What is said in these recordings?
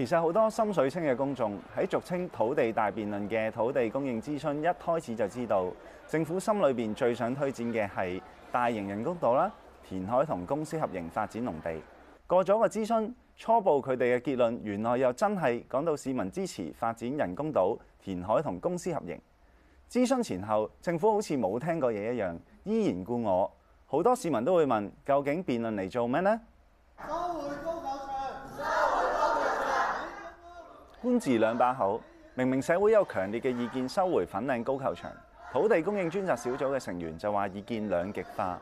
其實好多心水清嘅公眾喺俗稱土地大辯論嘅土地供應諮詢一開始就知道政府心裏邊最想推展嘅係大型人工島啦、填海同公私合營發展農地。過咗個諮詢，初步佢哋嘅結論，原來又真係講到市民支持發展人工島、填海同公私合營。諮詢前後，政府好似冇聽過嘢一樣，依然故我。好多市民都會問：究竟辯論嚟做咩呢？哦官字兩把口，明明社會有強烈嘅意見收回粉嶺高球場，土地供應專責小組嘅成員就話意見兩極化。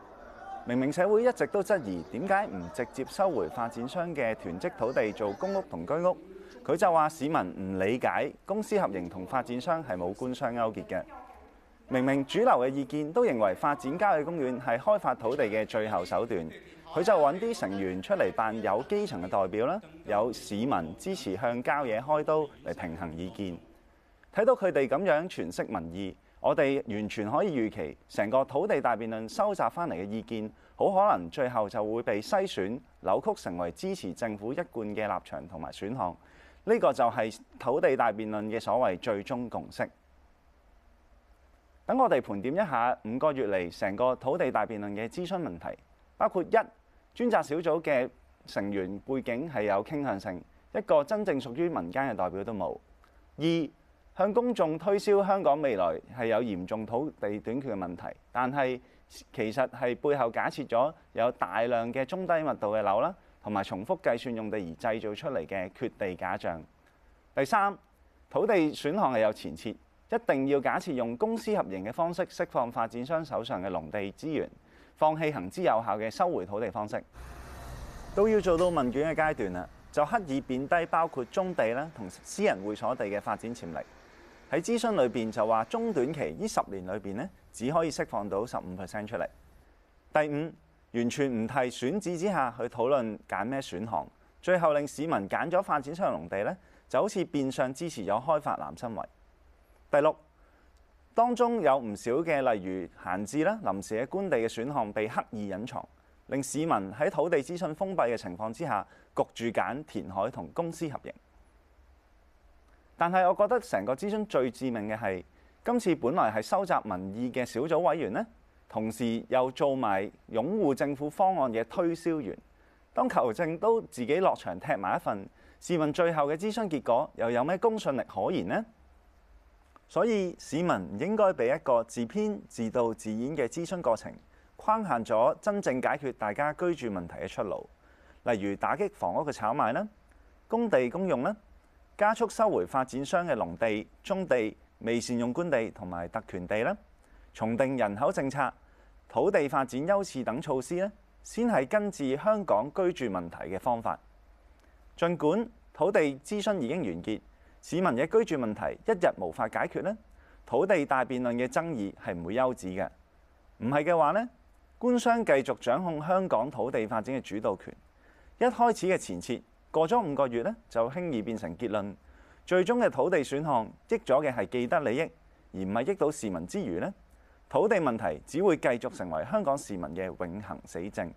明明社會一直都質疑點解唔直接收回發展商嘅囤積土地做公屋同居屋，佢就話市民唔理解公私合營同發展商係冇官商勾結嘅。明明主流嘅意見都認為發展郊野公園係開發土地嘅最後手段，佢就揾啲成員出嚟扮有基層嘅代表啦，有市民支持向郊野開刀嚟平衡意見。睇到佢哋咁樣詮釋民意，我哋完全可以預期，成個土地大辯論收集翻嚟嘅意見，好可能最後就會被篩選扭曲成為支持政府一貫嘅立場同埋選項。呢個就係土地大辯論嘅所謂最終共識。等我哋盤點一下五個月嚟成個土地大辯論嘅諮詢問題，包括一、專責小組嘅成員背景係有傾向性，一個真正屬於民間嘅代表都冇；二、向公眾推銷香港未來係有嚴重土地短缺嘅問題，但係其實係背後假設咗有大量嘅中低密度嘅樓啦，同埋重複計算用地而製造出嚟嘅缺地假象。第三，土地選項係有前設。一定要假設用公私合營嘅方式釋放發展商手上嘅農地資源，放棄行之有效嘅收回土地方式，都要做到問卷嘅階段就刻意貶低包括棕地咧同私人會所地嘅發展潛力。喺諮詢裏面就話中短期這裡呢十年裏面只可以釋放到十五 percent 出嚟。第五，完全唔提選址之下去討論揀咩選項，最後令市民揀咗發展商農地呢，就好似變相支持咗開發南生圍。第六，當中有唔少嘅，例如閒置啦、臨時嘅官地嘅選項被刻意隱藏，令市民喺土地諮詢封閉嘅情況之下，焗住揀填海同公私合營。但係，我覺得成個諮詢最致命嘅係，今次本來係收集民意嘅小組委員呢，同時又做埋擁護政府方案嘅推銷員，當球證都自己落場踢埋一份，試問最後嘅諮詢結果又有咩公信力可言呢？所以市民唔應該俾一個自編自導自演嘅諮詢過程框限咗真正解決大家居住問題嘅出路，例如打擊房屋嘅炒賣啦、工地公用啦、加速收回發展商嘅農地、棕地、未善用官地同埋特權地啦、重定人口政策、土地發展優次等措施咧，先係根治香港居住問題嘅方法。儘管土地諮詢已經完結，市民嘅居住問題一日無法解決呢土地大辯論嘅爭議係唔會休止嘅。唔係嘅話呢官商繼續掌控香港土地發展嘅主導權，一開始嘅前設過咗五個月呢就輕易變成結論，最終嘅土地選項益咗嘅係既得利益，而唔係益到市民之餘呢土地問題只會繼續成為香港市民嘅永恒死症。